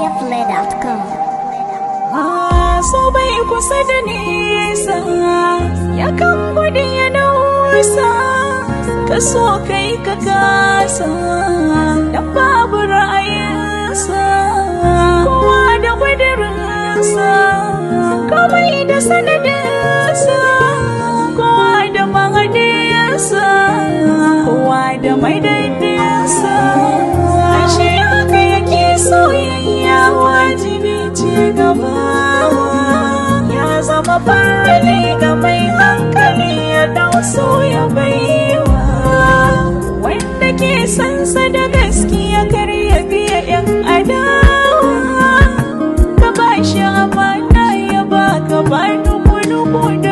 safeplay.com so bai kusa da nisa ya kan buɗe ya nausa ka so kai ka gasa da babu ra'ayinsa kowa da ƙudurinsa komai da sanadinsa kowa da mahadinsa kowa da maidaita gaba zama farali ga mai hankali ya dauso ya baiwa wanda ke sansa da gaskiya kar ya biya yan adawa ka ba shi amana ya baka ba nuku-nuku da